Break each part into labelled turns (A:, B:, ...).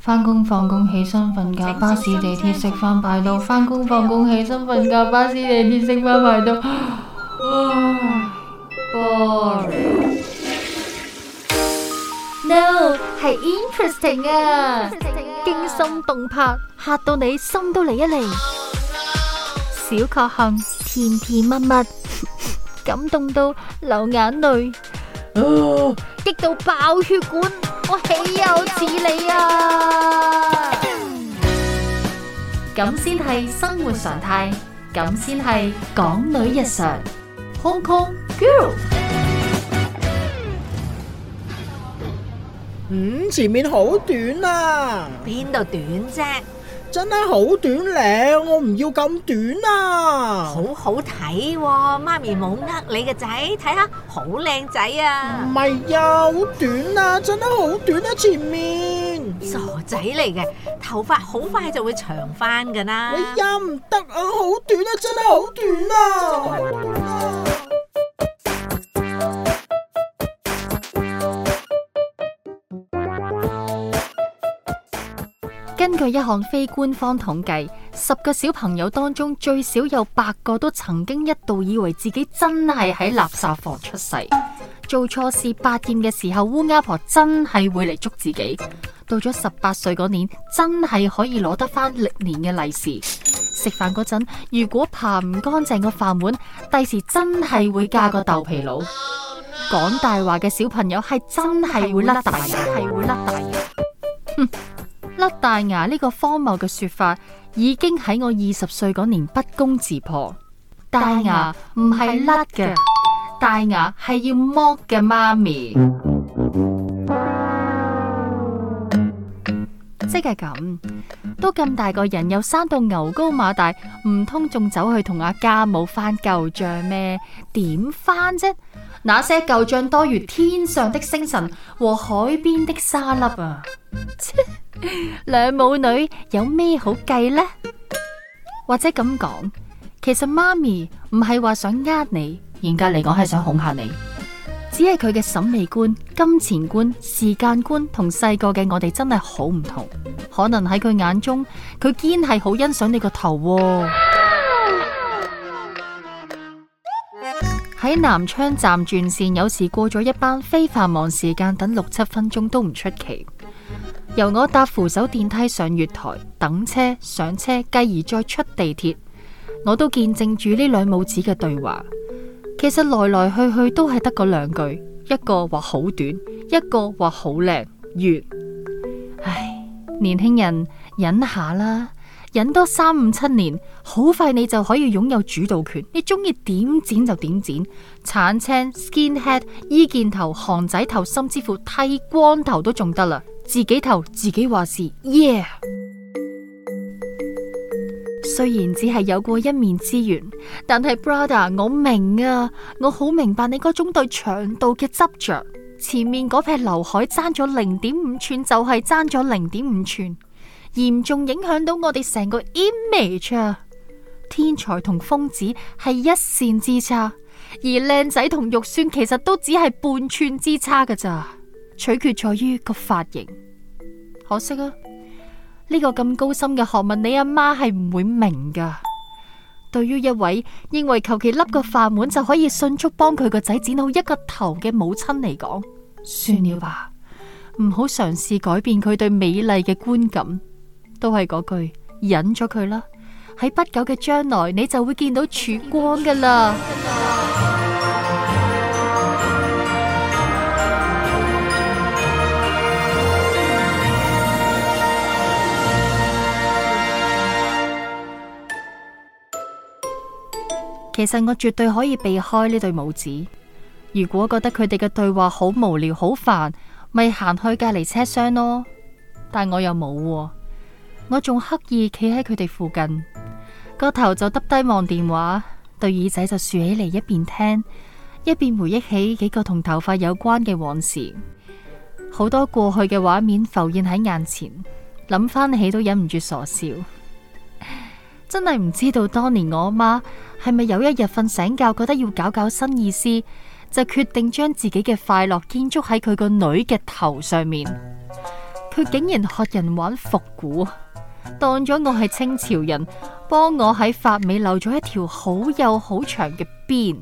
A: 翻工放工，起身瞓覺，巴士地鐵食飯排隊。翻工放工，起身瞓覺，巴士地鐵食飯排隊。啊，boring！No，係 interesting 啊，驚心動魄，嚇到你心都嚟一嚟。小確幸，甜甜蜜蜜，感動到流眼淚，啊，激到爆血管。我豈有此理啊？咁先係生活常態，咁先係港女日常。Hong Kong girl，嗯，前面好短啊，邊度短啫？真係好短靚，我唔要咁短啊！好好睇，媽咪冇呃你個仔，睇下好靚仔啊！唔係呀，好短啊，真係好短啊，前面傻仔嚟嘅，頭髮好快就會長返㗎啦！哎呀，唔得啊，好短啊，真係好短啊！ 據一項非官方統計，十個小朋友當中最少有八個都曾經一度以為自己真係喺垃圾房出世，做錯事百厭嘅時候烏鴉婆真係會嚟捉自己。到咗十八歲嗰年，真係可以攞得翻歷年嘅利是。食飯嗰陣，如果爬唔乾淨個飯碗，第時真係會嫁個豆皮佬。講大話嘅小朋友係真係會甩大牙，係會甩大牙。嗯甩大牙呢個荒謬嘅說法，已經喺我二十歲嗰年不攻自破。大牙唔係甩嘅，甩大牙係要剝嘅。媽咪，即係咁，都咁大個人，又生到牛高馬大，唔通仲走去同阿家母翻舊賬咩？點翻啫？那些舊賬多如天上的星辰和海邊的沙粒啊！ 兩 母女有咩好計呢？或者咁講，其實媽咪唔係話想呃你，而家嚟講係想恐嚇你，只係佢嘅審美觀、金錢觀、時間觀同細個嘅我哋真係好唔同。可能喺佢眼中，佢堅係好欣賞你個頭喎、哦。喺 南昌站轉線，有時過咗一班非繁忙時間，等六七分鐘都唔出奇。由我搭扶手電梯上月台，等車上車，繼而再出地鐵，我都見證住呢兩母子嘅對話。其實來來去去都係得嗰兩句，一個話好短，一個話好靚。月，唉，年輕人忍下啦，忍多三五七年，好快你就可以擁有主導權。你中意點剪就點剪，鏟青 skin head、伊健頭、韓仔頭，甚至乎剃光頭都仲得啦。自己頭自己話事，yeah。 雖然只係有過一面之緣，但係 brother，我明啊，我好明白你嗰種對長度嘅執着。前面嗰撇劉海爭咗零點五寸，就係爭咗零點五寸，嚴重影響到我哋成個 image 啊。天才同瘋子係一線之差，而靚仔同肉酸其實都只係半寸之差㗎咋。取決在於個髮型，可惜啊，呢個咁高深嘅學問，你阿媽係唔會明噶。對於一位認為求其笠個飯碗就可以迅速幫佢個仔剪好一個頭嘅母親嚟講，算了吧，唔好嘗試改變佢對美麗嘅觀感，都係嗰句，忍咗佢啦。喺不久嘅將來，你就會見到曙光噶啦。其實我絕對可以避開呢對母子。如果覺得佢哋嘅對話好無聊、好煩，咪行去隔籬車廂咯。但我又冇喎，我仲刻意企喺佢哋附近，個頭就耷低望電話，對耳仔就豎起嚟一邊聽，一邊回憶起幾個同頭髮有關嘅往事。好多過去嘅畫面浮現喺眼前，諗翻起都忍唔住傻笑。真係唔知道當年我媽係咪有一日瞓醒覺，覺得要搞搞新意思，就決定將自己嘅快樂建築喺佢個女嘅頭上面。佢竟然學人玩復古，當咗我係清朝人，幫我喺髮尾留咗一條好幼好長嘅辮。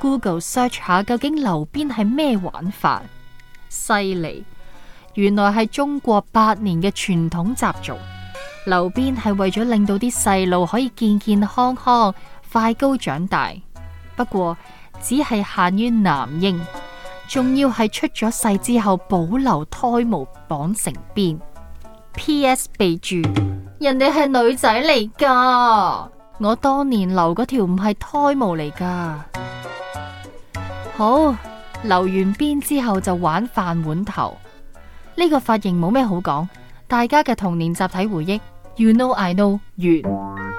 A: Google search 下究竟留辮係咩玩法？犀利，原來係中國八年嘅傳統習俗。留辮係為咗令到啲細路可以健健康康快高長大，不過只係限於男嬰，仲要係出咗世之後保留胎毛綁成辮。P.S. 備註：人哋係女仔嚟噶，我當年留嗰條唔係胎毛嚟噶。好，留完辮之後就玩飯碗頭，呢個髮型冇咩好講，大家嘅童年集體回憶。You know, I know。完，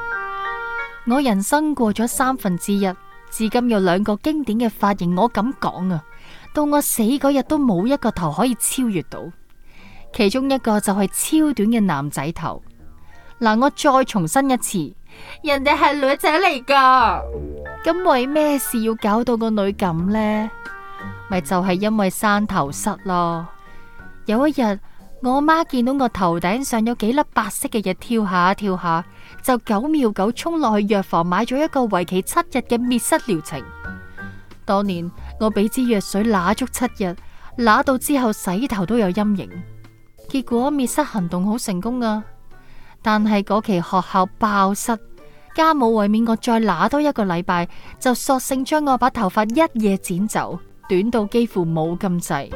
A: 我人生過咗三分之一，至今有兩個經典嘅髮型，我敢講啊，到我死嗰日都冇一個頭可以超越到。其中一個就係超短嘅男仔頭。嗱，我再重申一次，人哋係女仔嚟噶，咁為咩事要搞到個女咁呢？咪就係、是、因為山頭失咯。有一日。我媽見到我頭頂上有幾粒白色嘅嘢，跳下跳下，就九秒九衝落去藥房買咗一個為期七日嘅滅虱療程。當年我俾支藥水乸足七日，乸到之後洗頭都有陰影。結果滅虱行動好成功啊！但係嗰期學校爆虱，家母為免我再乸多一個禮拜，就索性將我把頭髮一夜剪走，短到幾乎冇咁滯。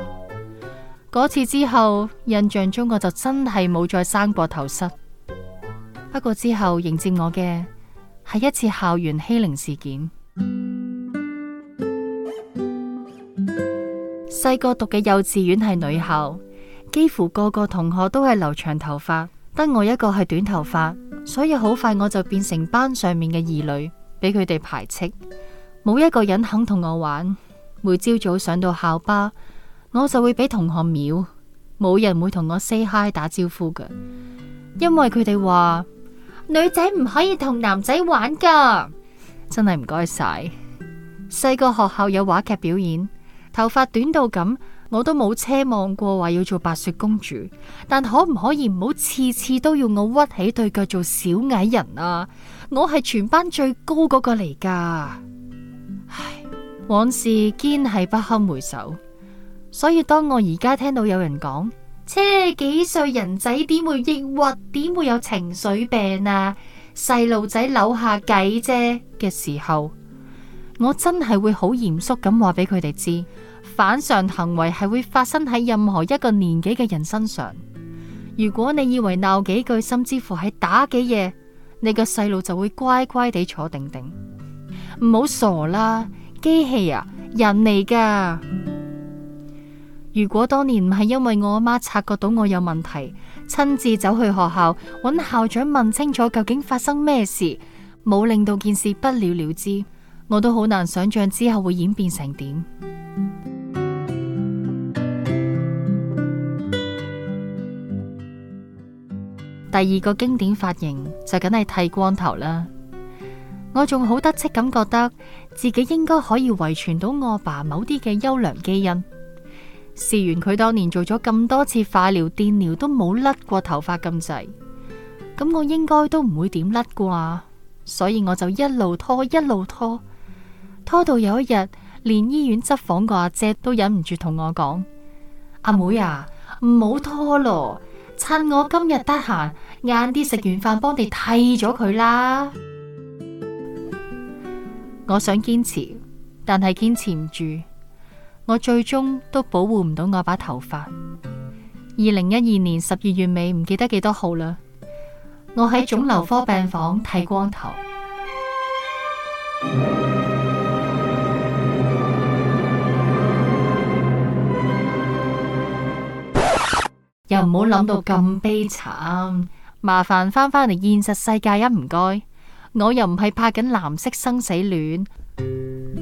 A: 嗰次之後，印象中我就真係冇再生過頭蝨。不過之後迎接我嘅係一次校園欺凌事件。細個 讀嘅幼稚園係女校，幾乎個個同學都係留長頭髮，得我一個係短頭髮，所以好快我就變成班上面嘅異類，俾佢哋排斥，冇一個人肯同我玩。每朝早上到校巴，我就會俾同學秒，冇人會同我 say hi 打招呼㗎，因為佢哋話女仔唔可以同男仔玩噶。真係唔該晒。細個學校有話劇表演，頭髮短到咁，我都冇奢望過話要做白雪公主。但可唔可以唔好次次都要我屈起對腳做小矮人啊？我係全班最高嗰個嚟噶。唉，往事堅係不堪回首。所以當我而家聽到有人講，車幾歲人仔點會抑鬱，點會有情緒病啊？細路仔扭下計啫嘅時候，我真係會好嚴肅咁話俾佢哋知，反常行為係會發生喺任何一個年紀嘅人身上。如果你以為鬧幾句，甚至乎係打幾嘢，你個細路就會乖乖地坐定定，唔好傻啦，機器啊，人嚟噶。如果當年唔係因為我阿媽察覺到我有問題，親自走去學校揾校長問清楚究竟發生咩事，冇令到件事不了了之，我都好難想象之後會演變成點。 第二個經典髮型就梗係剃光頭啦。我仲好得戚咁，覺得自己應該可以遺傳到我爸某啲嘅優良基因。事緣佢當年做咗咁多次化療、電療都冇甩過頭髮咁滯，咁我應該都唔會點甩啩，所以我就一路拖一路拖，拖到有一日連醫院執房個阿姐都忍唔住同我講：阿妹啊，唔好拖咯，趁我今日得閒晏啲食完飯，幫你剃咗佢啦。我想堅持，但係堅持唔住。我最終都保護唔到我把頭髮。二零一二年十二月尾，唔記得幾多號啦。我喺腫瘤科病房剃光頭， 又唔好諗到咁悲慘。 麻煩返返嚟現實世界吖唔該，我又唔係拍緊藍色生死戀。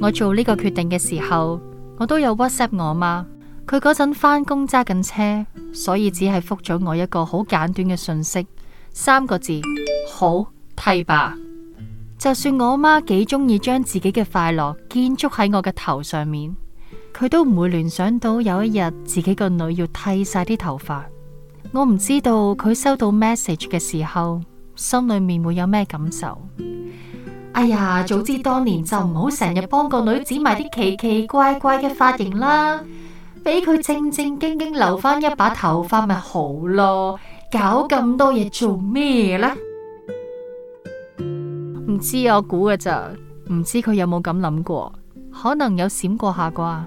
A: 我做呢個決定嘅時候。我都有 WhatsApp 我媽，佢嗰陣返工揸緊車，所以只係覆咗我一個好簡短嘅信息，三個字：好，剃吧。就算我媽幾中意將自己嘅快樂建築喺我嘅頭上面，佢都唔會聯想到有一日自己個女要剃晒啲頭髮。我唔知道佢收到 message 嘅時候，心裏面會有咩感受。哎呀，早知當年就唔好成日幫個女剪埋啲奇奇怪怪嘅髮型啦，俾佢正正經經留翻一把頭髮咪好咯，搞咁多嘢做咩咧？唔知我估嘅咋，唔知佢有冇咁諗過，可能有閃過下啩。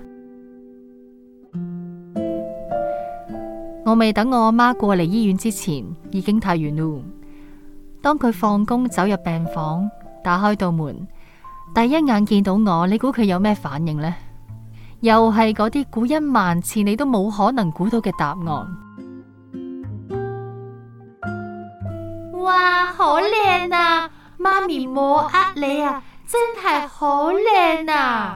A: 我未等我阿媽過嚟醫院之前，已經太完啦。當佢放工走入病房，打開道門，第一眼見到我，你估佢有咩反應呢？又係嗰啲估一萬次你都冇可能估到嘅答案。哇，好靚啊！媽咪冇呃你啊，真係好靚啊！